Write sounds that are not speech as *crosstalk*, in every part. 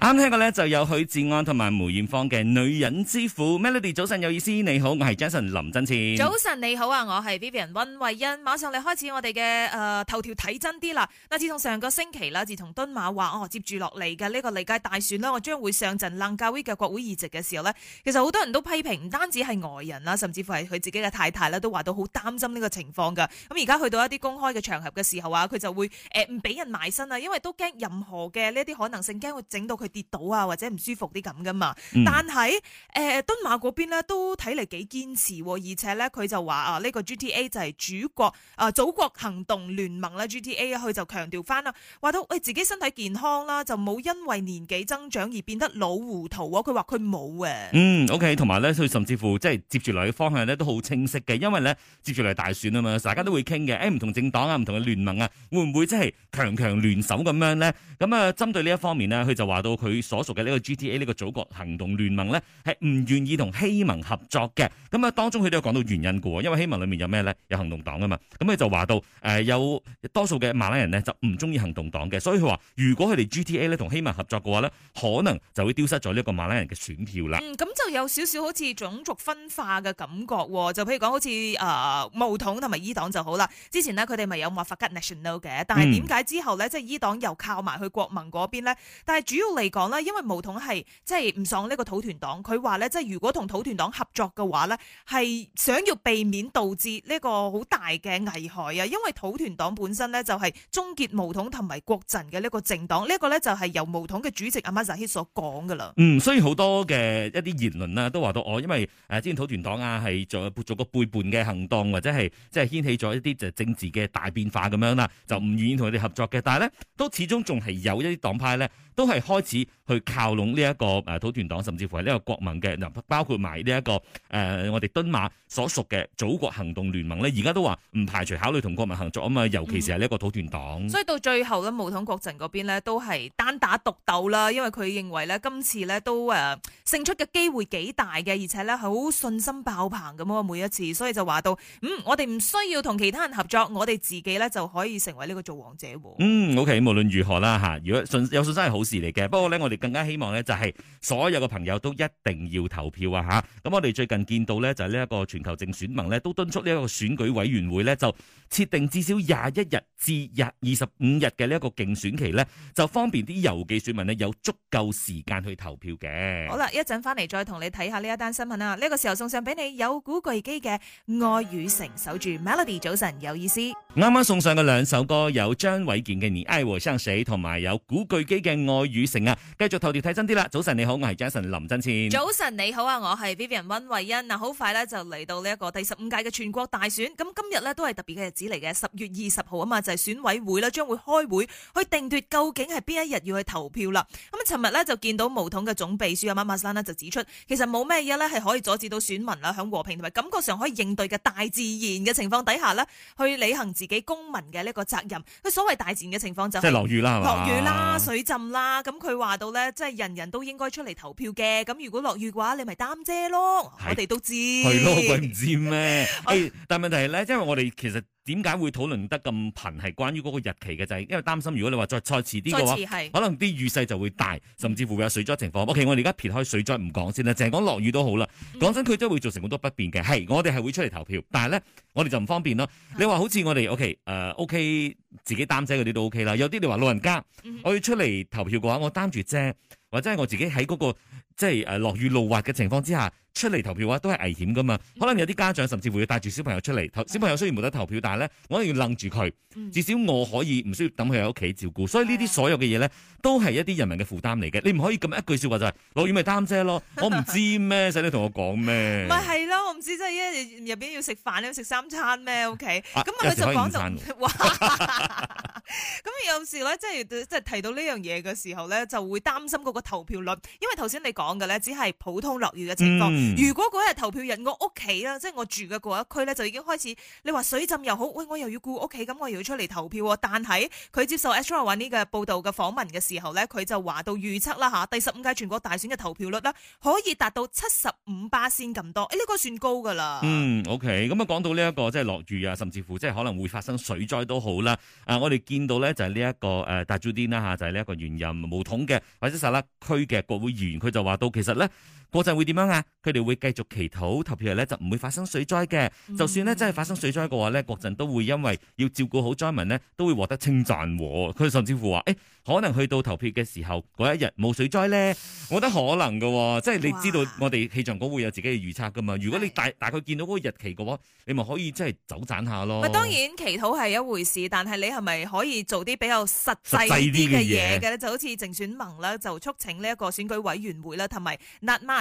啱聽個呢，就有許志安同埋梅艷芳嘅女人之父。Melody 早晨有意思，你好，我係 Jason 林真千。早晨你好啊，我係 Vivian 温慧欣。馬上你開始我哋嘅誒頭條睇真啲啦。嗱，自從上個星期啦，自從敦馬話哦接住落嚟嘅呢個離屆大選啦，我將會上陣冷咖啡嘅國會議席嘅時候呢，其實好多人都批評，唔單止係外人啦，甚至乎係佢自己嘅太太啦，都話到好擔心呢個情況噶。咁而家去到一啲公開嘅場合嘅時候啊，佢就會誒唔俾人埋身啊，因為都驚任何嘅呢啲可能性，驚會整到佢。跌倒啊，或者唔舒服啲咁噶嘛？嗯、但係誒、呃，敦馬嗰邊咧都睇嚟幾堅持，而且咧佢就話啊，呢、這個 GTA 就係主國啊，祖國行動聯盟啦，GTA 佢就強調翻啦，話到喂自己身體健康啦，就冇因為年紀增長而變得老糊塗啊。佢話佢冇嘅。嗯，OK，同埋咧，佢甚至乎即係接住嚟嘅方向咧都好清晰嘅，因為咧接住嚟大選啊嘛，大家都會傾嘅。誒、欸，唔同政黨啊，唔同嘅聯盟啊，會唔會即係強強聯手咁樣咧？咁啊，針對呢一方面咧，佢就話到。佢所屬嘅呢個 GTA 呢個祖國行動聯盟呢，係唔願意同希盟合作嘅。咁啊，當中佢都有講到原因嘅，因為希盟裏面有咩呢？有行動黨啊嘛。咁佢就話到，誒、呃、有多數嘅馬拉人呢，就唔中意行動黨嘅，所以佢話如果佢哋 GTA 咧同希盟合作嘅話呢，可能就會丟失咗呢一個馬拉人嘅選票啦。嗯，咁就有少少好似種族分化嘅感覺。就譬如講好似誒巫統同埋伊黨就好啦。之前呢，佢哋咪有話 Muafakat Nasional 嘅，但係點解之後呢？即係伊黨又靠埋去國盟嗰邊咧？但係主要嚟講啦，因為毛統係即係唔爽呢個土團黨，佢話咧即係如果同土團黨合作嘅話咧，係想要避免導致呢個好大嘅危害啊！因為土團黨本身咧就係終結毛統同埋國陣嘅呢個政黨，呢一個咧就係由毛統嘅主席阿馬扎希所講噶啦。嗯，雖然好多嘅一啲言論啊，都話到我因為誒之前土團黨啊係做做個背叛嘅行動，或者係即係掀起咗一啲就政治嘅大變化咁樣啦，就唔願意同佢哋合作嘅，但係咧都始終仲係有一啲黨派咧。都係開始。去靠攏呢一個誒土團黨，甚至乎係呢個國民嘅，嗱包括埋呢一個誒、呃、我哋敦馬所屬嘅祖國行動聯盟咧，而家都話唔排除考慮同國民合作啊嘛，尤其是係呢一個土團黨、嗯。所以到最後咧，巫統國陣嗰邊呢，都係單打獨鬥啦，因為佢認為咧今次呢都誒勝出嘅機會幾大嘅，而且呢好信心爆棚咁啊每一次，所以就話到嗯，我哋唔需要同其他人合作，我哋自己呢就可以成為呢個做王者。嗯，OK，無論如何啦吓，如果信有信心係好事嚟嘅，不過呢，我哋。更加希望咧，就係所有嘅朋友都一定要投票啊！吓、啊，咁我哋最近見到咧，就係呢一個全球政選盟咧，都敦促呢一個選舉委員會咧，就設定至少廿一日。至日二十五日嘅呢一個競選期咧，就方便啲郵寄選民咧有足夠時間去投票嘅。好啦，一陣翻嚟再同你睇下呢一單新聞啊！呢個時候送上俾你有古巨基嘅《愛與誠》，守住 Melody。早晨有意思。啱啱送上嘅兩首歌有張偉健嘅《你愛和生死》，同埋有古巨基嘅《愛與誠》啊！繼續頭條睇真啲啦。早晨你好，我係 Jason 林真倩。早晨你好啊，我係 Vivian 溫慧欣。嗱，好快咧就嚟到呢一個第十五屆嘅全國大選，咁今日咧都係特別嘅日子嚟嘅，十月二十號啊嘛。選委會咧將會開會去定奪究竟係邊一日要去投票啦。咁啊，尋日咧就見到毛統嘅總秘書阿馬馬生啦，就指出其實冇咩嘢咧係可以阻止到選民啦，響和平同埋感覺上可以應對嘅大自然嘅情況底下咧，去履行自己公民嘅呢個責任。佢所謂大自然嘅情況就是，即係落雨啦，係嘛？落雨啦，水浸啦。咁佢話到咧，即係人人都應該出嚟投票嘅。咁如果落雨嘅話，你咪擔遮咯。是我哋都知係咯，鬼唔知咩？ *laughs* 啊、但係問題係咧，因為我哋其實。點解會討論得咁頻？係關於嗰個日期嘅就係、是，因為擔心如果你話再再遲啲嘅話，可能啲雨勢就會大，嗯、甚至乎會有水災情況。OK，我哋而家撇開水災唔講先啦，淨係講落雨都好啦。講真，佢真係會造成好多不便嘅。係我哋係會出嚟投票，但係咧，我哋就唔方便咯。你話好似我哋 OK 誒、呃、，OK 自己擔遮嗰啲都 OK 啦。有啲你話老人家，我要出嚟投票嘅話，我擔住遮，或者係我自己喺嗰、那個即係誒、呃、落雨路滑嘅情況之下。出嚟投票話都係危險噶嘛？可能有啲家長甚至會要帶住小朋友出嚟投。 *music* 小朋友雖然冇得投票，但係咧，我一定要楞住佢，至少我可以唔需要等佢喺屋企照顧。所以呢啲所有嘅嘢咧，都係一啲人民嘅負擔嚟嘅。你唔、就是、 *laughs* 可以咁一句說話就係落雨咪擔遮咯。我唔知咩，使你同我講咩？咪係咯，我唔知即係一入邊要食飯，你要食三餐咩？O K，咁啊佢就講就話。咁有時咧，即係即係提到呢樣嘢嘅時候咧，就會擔心嗰個投票率，因為頭先你講嘅咧，只係普通落雨嘅情況。嗯如果嗰日投票人我屋企啦，即係我住嘅嗰一區咧，就已經開始，你話水浸又好，喂，我又要顧屋企，咁我又要出嚟投票。但係佢接受 Astro Awani 嘅報道嘅訪問嘅時候咧，佢就話到預測啦吓，第十五屆全國大選嘅投票率咧，可以達到七十五巴先咁多，誒，呢個算高噶啦。嗯，OK，咁啊，講到呢一個即係落雨啊，甚至乎即係可能會發生水災都好啦。啊，我哋見到咧就係呢一個誒，大朱迪啦吓，ina, 就係呢一個原任巫統嘅委內塞拉區嘅國會議員，佢就話到其實咧。嗰陣會點樣啊？佢哋會繼續祈禱投票日咧，就唔會發生水災嘅。就算咧真係發生水災嘅話咧，嗰陣都會因為要照顧好災民咧，都會獲得稱讚喎。佢甚至乎話，誒、欸、可能去到投票嘅時候嗰一日冇水災咧，我覺得可能嘅。即係你知道我哋氣象局會有自己嘅預測噶嘛？如果你大大概見到嗰個日期嘅話，你咪可以即係走賺下咯。咪當然祈禱係一回事，但係你係咪可以做啲比較實際啲嘅嘢嘅咧？就好似鄭選盟咧，就促請呢一個選舉委員會啦，同埋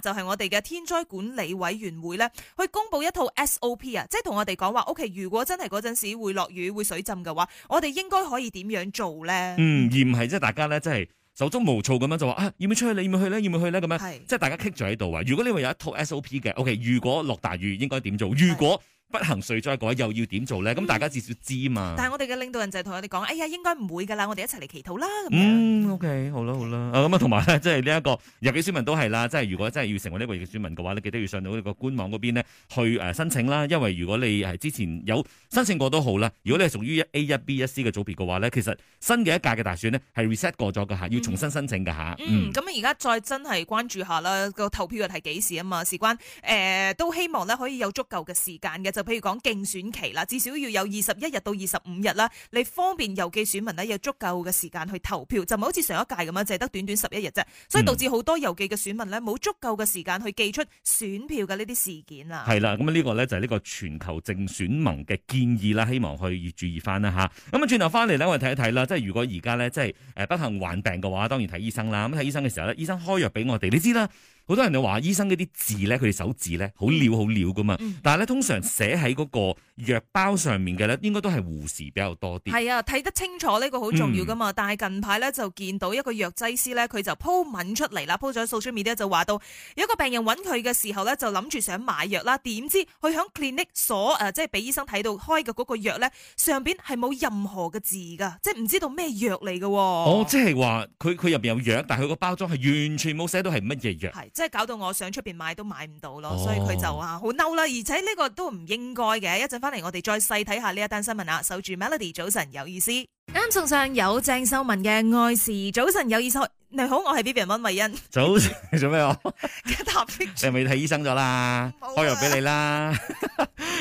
就係我哋嘅天災管理委員會咧，去公布一套 SOP 啊，即係同我哋講話，OK，如果真係嗰陣時會落雨會水浸嘅話，我哋應該可以點樣做咧？嗯，而唔係即係大家咧，即係手足無措咁樣就話啊，要唔要出去？你要唔要去咧？要唔要去咧？咁樣，是即係大家棘咗喺度啊！如果你話有一套 SOP 嘅，OK，如果落大雨應該點做？如果不幸稅災改又要點做咧？咁大家至少知嘛？嗯、但係我哋嘅領導人就同我哋講，哎呀，應該唔會噶啦，我哋一齊嚟祈禱啦。咁 OK 好啦，好啦。咁啊，同埋咧，即係呢一個入嘅選民都係啦。即係如果真係要成為呢一位選民嘅話，你記得要上到呢個官網嗰邊咧去誒申請啦。因為如果你係之前有申請過都好啦，如果你係屬於 A 一 B 一 C 嘅組別嘅話咧，其實新嘅一屆嘅大選呢係 reset 過咗嘅吓，要重新申請嘅吓。咁而家再真係關注下啦。個投票又係幾時啊嘛？事關誒，都希望咧可以有足夠嘅時間嘅。就譬如講競選期啦，至少要有二十一日到二十五日啦，你方便郵寄選民呢有足夠嘅時間去投票，就唔係好似上一屆咁樣，淨係得短短十一日啫，所以導致好多郵寄嘅選民呢冇足夠嘅時間去寄出選票嘅呢啲事件啊，係啦，咁呢個呢就係呢個全球正選民嘅建議啦，希望去注意翻啦吓。咁啊轉頭翻嚟呢，我哋睇一睇啦，即係如果而家呢，即係誒不幸患病嘅話，當然睇醫生啦。咁睇醫生嘅時候呢，醫生開藥俾我哋，你知啦。好多人就話醫生嗰啲字咧，佢哋手字咧好潦好潦噶嘛。嗯、但係咧，通常寫喺嗰個藥包上面嘅咧，應該都係護士比較多啲。係啊，睇得清楚呢、呢個好重要噶嘛。嗯、但係近排咧就見到一個藥劑師咧，佢就 po 文出嚟啦，po 咗數出面咧就話到有一個病人揾佢嘅時候咧，就諗住想買藥啦。點知佢響 clinic 所誒、呃，即係俾醫生睇到開嘅嗰個藥咧，上邊係冇任何嘅字㗎，即係唔知道咩藥嚟㗎。哦，即係話佢佢入邊有藥，但係佢個包裝係完全冇寫到係乜嘢藥。即係搞到我想出面買都買唔到咯，oh. 所以佢就話好嬲啦，而且呢個都唔應該嘅。一陣翻嚟，我哋再細睇下呢一單新聞啊，守住 Melody 早晨有意思。啱送上有鄭秀文嘅愛事。早晨有意思，有醫生你好，我係 B B M 温慧欣。早晨做咩啊？你係咪睇醫生咗啦？了開藥俾你啦。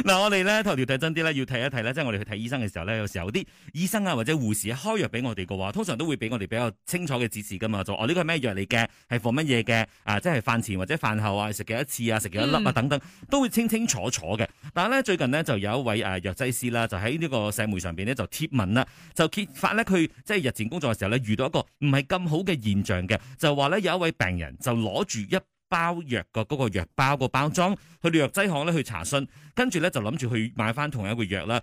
嗱， *laughs* 我哋咧頭條睇真啲咧，要睇一睇咧，即係我哋去睇醫生嘅時候咧，有時候啲醫生啊或者護士、啊、開藥俾我哋嘅話，通常都會俾我哋比較清楚嘅指示噶嘛，就哦呢個係咩藥嚟嘅，係放乜嘢嘅啊，即係飯前或者飯後啊，食幾多次啊，食幾多粒啊，等等、嗯、都會清清楚楚嘅。但係咧最近呢，就有一位誒藥劑師啦，就喺呢個社媒上邊咧就貼文啦，就貼文。就揭發咧，佢即係日前工作嘅時候咧，遇到一個唔係咁好嘅現象嘅，就話咧有一位病人就攞住一包藥嘅嗰個藥包個包裝去到藥劑行咧去查詢，跟住咧就諗住去買翻同一個藥啦，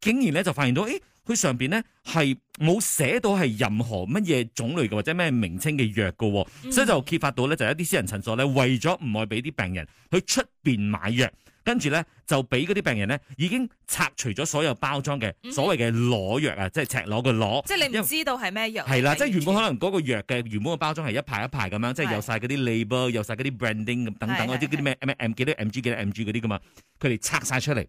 竟然咧就發現到，誒、欸、佢上邊咧係冇寫到係任何乜嘢種類嘅或者咩名稱嘅藥㗎，所以就揭發到咧就係一啲私人診所咧為咗唔愛俾啲病人去出邊買藥。跟住咧就俾嗰啲病人咧，已經拆除咗所有包裝嘅所謂嘅裸藥啊，嗯、喲即係赤裸嘅裸，為即係你唔知道係咩藥。係啦為，的即係原本可能嗰個藥嘅原本嘅包裝係一排一排咁樣，的即係有晒嗰啲 label，有晒嗰啲 branding 咁等等，或者嗰啲咩咩 mg 幾多 mg 幾多 mg 嗰啲噶嘛，佢哋拆曬出嚟。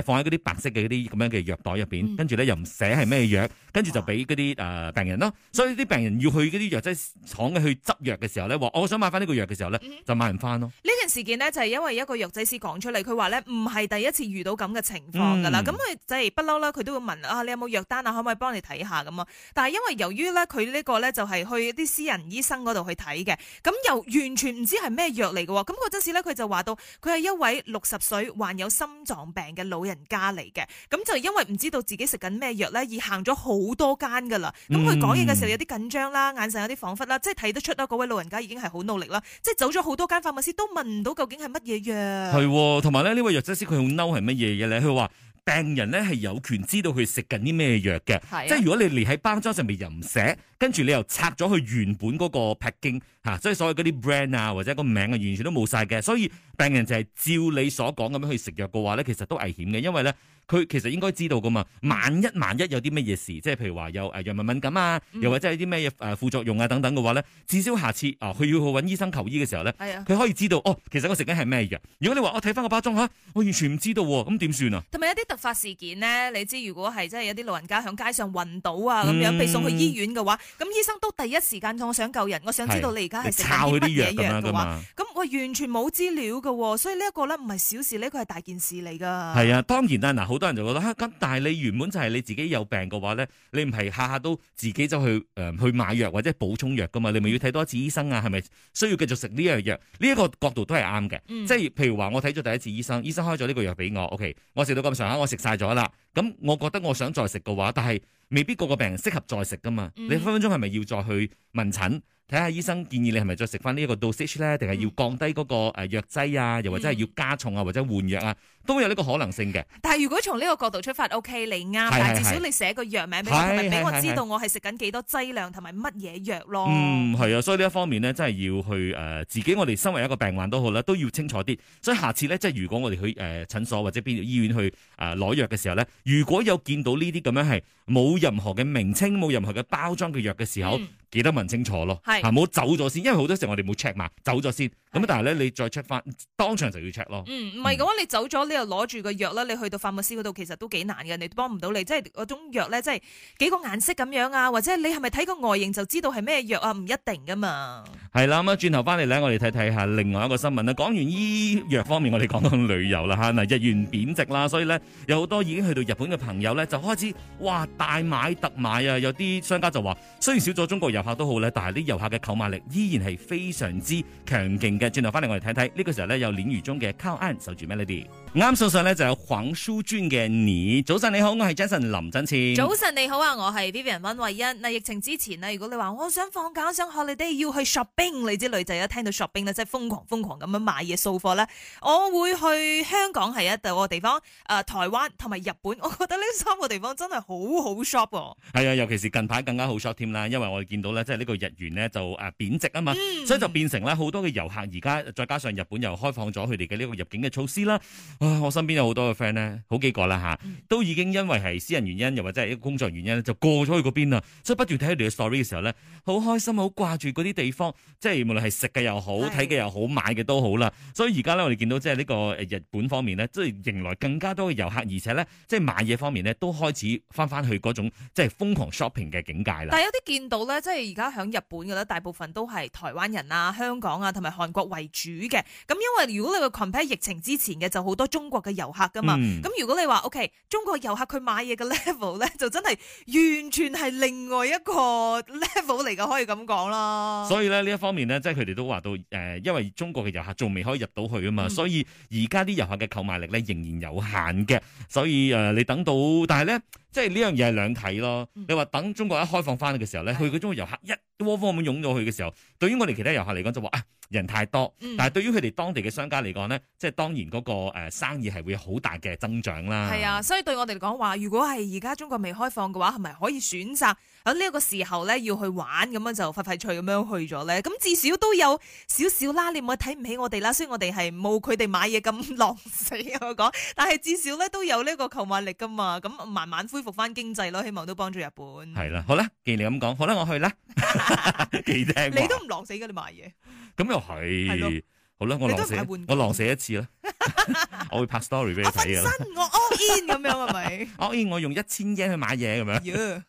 放喺嗰啲白色嘅嗰啲咁樣嘅藥袋入邊，跟住咧又唔寫係咩藥，跟住就俾嗰啲誒病人咯。哇呃、所以啲病人要去嗰啲藥劑廠去執藥嘅時候咧，話我想買翻呢個藥嘅時候咧，嗯、哼就買唔翻咯。呢件事件呢，就係因為一個藥劑師講出嚟，佢話咧唔係第一次遇到咁嘅情況噶啦。咁佢、嗯、就係不嬲啦，佢都會問啊，你有冇藥單啊？可唔可以幫你睇下咁啊？但係因為由於咧佢呢個咧就係去一啲私人醫生嗰度去睇嘅，咁又完全唔知係咩藥嚟嘅喎。咁個劑師咧佢就話到，佢係一位六十歲患有心臟病嘅老人。老人家嚟嘅，咁就因為唔知道自己食緊咩藥咧，而行咗好多間噶啦。咁佢講嘢嘅時候有啲緊張啦，眼神有啲恍惚啦，即係睇得出啦。嗰位老人家已經係好努力啦，即係走咗好多間 pharmacist 都問唔到究竟係乜嘢藥。係、哦，同埋咧呢位藥劑師佢好嬲係乜嘢嘅咧？佢話。病人咧係有權知道佢食緊啲咩藥嘅，啊、即係如果你連喺包裝上面又唔寫，跟住你又拆咗佢原本嗰個劈經，即係所有嗰啲 brand 啊或者個名啊完全都冇晒嘅，所以病人就係照你所講咁樣去食藥嘅話咧，其實都危險嘅，因為咧。佢其實應該知道噶嘛，萬一萬一有啲乜嘢事，即係譬如話有誒藥物敏感啊，又或者係啲咩誒副作用啊等等嘅話咧，至少下次啊，佢、哦、要去揾醫生求醫嘅時候咧，佢、啊、可以知道哦，其實我食緊係咩藥。如果你話我睇翻個包裝嚇、啊，我完全唔知道喎，咁點算啊？同埋、啊、一啲突發事件呢，你知如果係即係有啲老人家響街上暈倒啊咁樣，被送去醫院嘅話，咁、嗯、醫生都第一時間我想救人，我想知道你而家係食緊啲乜嘢藥嘅話，咁我完全冇資料噶、啊，所以呢一個咧唔係小事，呢、呢個係大件事嚟噶。係啊，當然啦，嗱很多人就覺得哈咁，但係你原本就係你自己有病嘅話咧，你唔係下下都自己走去誒、呃、去買藥或者補充藥噶嘛？你咪要睇多一次醫生啊？係咪需要繼續食呢樣藥？呢、這、一個角度都係啱嘅，即係譬如話我睇咗第一次醫生，醫生開咗呢個藥俾我，OK，我食到咁上下，我食晒咗啦。咁我覺得我想再食嘅話，但係未必個個病人適合再食噶嘛？你分分鐘係咪要再去問診？睇下醫生建議你係咪再食翻呢一個 dosage 咧，定係要降低嗰個誒藥劑啊，又或者係要加重啊，或者換藥啊，都有呢個可能性嘅。但係如果從呢個角度出發，OK，你啱，係係係，但係至少你寫個藥名俾我，同埋俾我知道我係食緊幾多劑量同埋乜嘢藥咯。嗯，係啊，所以呢一方面咧，真係要去誒、呃、自己，我哋身為一個病患都好啦，都要清楚啲。所以下次咧，即係如果我哋去誒、呃、診所或者邊個醫院去誒攞、呃、藥嘅時候咧，如果有見到呢啲咁樣係，冇任何嘅名稱，冇任何嘅包裝嘅藥嘅時候，嗯，記得問清楚咯，嚇冇是走咗先，因為好多時我哋冇 check 嘛，走咗先咁但係咧，你再 check 翻，當場就要 check 咯。唔係嘅話，你走咗你又攞住個藥啦。你去到法務司嗰度其實都幾難嘅，你幫唔到你，即係嗰種藥咧，即係幾個顏色咁樣啊，或者你係咪睇個外形就知道係咩藥啊？唔一定噶嘛。係啦，咁啊轉頭翻嚟咧，我哋睇睇下另外一個新聞啦。講完醫藥方面，我哋講講旅遊啦嚇，嗱日元貶值啦，所以咧有好多已經去到日本嘅朋友咧就開始哇～大買特買啊！有啲商家就話，雖然少咗中國遊客都好咧，但係啲遊客嘅購買力依然係非常之強勁嘅。轉頭翻嚟我哋睇睇呢個時候咧，有 An,《戀如中嘅《靠岸》守住 melody，啱送上呢，就有黃舒綸嘅《你》。早晨你好，我係 Jason 林振綫。早晨你好啊，我係 Vivian 溫慧欣。嗱，疫情之前呢，如果你話我想放假，想學你哋要去 shopping，你啲女仔一聽到 shopping 咧，即、就、係、是、瘋狂瘋狂咁樣買嘢掃貨咧。我會去香港係一個地方，誒、呃、台灣同埋日本，我覺得呢三個地方真係好好。好 shop 喎，係啊、哎，尤其是近排更加好 shop 添啦，因為我哋見到咧，即係呢個日元咧就誒貶值啊嘛，嗯、所以就變成咧好多嘅遊客而家再加上日本又開放咗佢哋嘅呢個入境嘅措施啦，啊，我身邊有好多嘅 friend 咧，好幾個啦吓，都已經因為係私人原因又或者係一個工作原因就過咗去嗰邊啊，所以不斷睇佢哋嘅 story 嘅時候咧，好開心，好掛住嗰啲地方，即係無論係食嘅又好，睇嘅又好，買嘅都好啦，所以而家咧我哋見到即係呢個日本方面咧，即係迎來更加多嘅遊客，而且咧即係買嘢方面咧都開始翻翻。佢嗰種即係瘋狂 shopping 嘅境界啦，但係有啲見到咧，即係而家響日本嘅咧，大部分都係台灣人啊、香港啊同埋韓國為主嘅。咁因為如果你個群體喺疫情之前嘅，就好多中國嘅遊客噶嘛。咁、嗯、如果你話 OK，中國遊客佢買嘢嘅 level 咧，就真係完全係另外一個 level 嚟嘅，可以咁講啦。所以咧呢一方面呢，即係佢哋都話到誒、呃，因為中國嘅遊客仲未可以入到去啊嘛，嗯、所以而家啲遊客嘅購買力咧仍然有限嘅。所以誒、呃，你等到但係咧。即係呢樣嘢係兩睇咯。嗯、你話等中國一開放翻嚟嘅時候咧，佢、嗯、中國遊客一窩蜂咁湧咗去嘅時候，對於我哋其他遊客嚟講就話啊，人太多，嗯、但係對於佢哋當地嘅商家嚟講咧，即係當然嗰、嗰個、呃、生意係會好大嘅增長啦。係啊，所以對我哋嚟講話，如果係而家中國未開放嘅話，係咪可以選擇喺呢個時候咧要去玩咁樣就快快脆咁樣去咗咧？咁至少都有少少啦。你唔好睇唔起我哋啦，雖然我哋係冇佢哋買嘢咁浪死我講，但係至少咧都有呢個購物力噶嘛。咁慢慢恢。恢復翻經濟咯，希望都幫助日本。係啦，好啦，既然你咁講，好啦，我去啦。 *laughs* 棒 *laughs* 你都唔狼死噶，你買嘢。咁 *laughs* 又係，的好啦，我狼死，我狼死一次啦。 *laughs* *laughs* 我會拍 story 俾 *laughs* 你睇呀。我 all in 咁樣係咪？all in 我用一千 yen 去買嘢咁樣。 *laughs* yeah.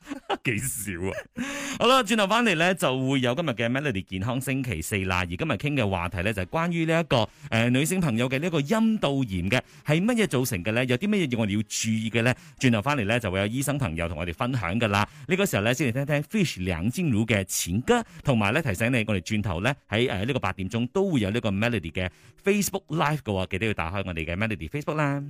幾少啊？ *laughs* 好啦，轉頭翻嚟咧就會有今日嘅 Melody 健康星期四啦。而今日傾嘅話題咧就係、是、關於呢、這、一個誒、呃、女性朋友嘅呢個陰道炎嘅係乜嘢造成嘅咧？有啲乜嘢要我哋要注意嘅咧？轉頭翻嚟咧就會有醫生朋友同我哋分享噶啦。呢、這個時候咧先嚟聽聽 Fish 兩千盧嘅錢哥，同埋咧提醒你我哋轉頭咧喺誒呢、呃這個八點鐘都會有呢個 Melody 嘅 Facebook Live 嘅話，記得要打開我哋嘅 Melody Facebook 啦。